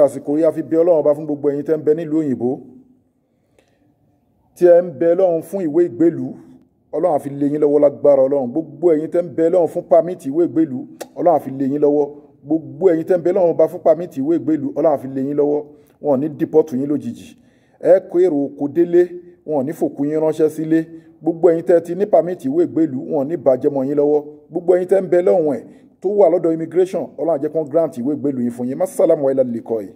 àsìkò yìí a fi bẹ ọlọ́run ọba fún gbogbo ẹ̀yin tẹ́ ń bẹ nílùú òyìnbó tí ẹ ń bẹ ọlọ́run fún ìwé ìgbélú ọlọ́run àfi lé yín lọ́wọ́ lágbára ọlọ́run gbogbo ẹ̀yin tẹ́ ń bẹ ọlọ́run fún pàmìtì ìwé ìgbélú ọlọ́run àfi lé yín lọ́wọ́ gbogbo ẹ̀yin tẹ́ ń bẹ ọlọ́run ọba fún pàmìtì ìwé ìgbélú ọlọ́run àfi lé yín lọ́wọ́ wọn ní dìpọ́tù yín lójijì ẹ kó èrò kò délé wọn ní fòkú yín ránṣẹ́ sílé gbogbo ẹ̀yin tẹ́ ti ní pàmìtì ìwé ìgbélú wọn ní bàjẹ́ mọ́ yín lọ́wọ́ gbogbo ẹ̀yin tẹ́ ń bẹ lọ́wọ́ ẹ̀ tó wà lọ́dọ̀ immigration ọlọ́run àjẹkùn grant ìwé ìgbélùú yín fún yín má sálàmù ẹ̀ lálẹ́ kọ́ yìí.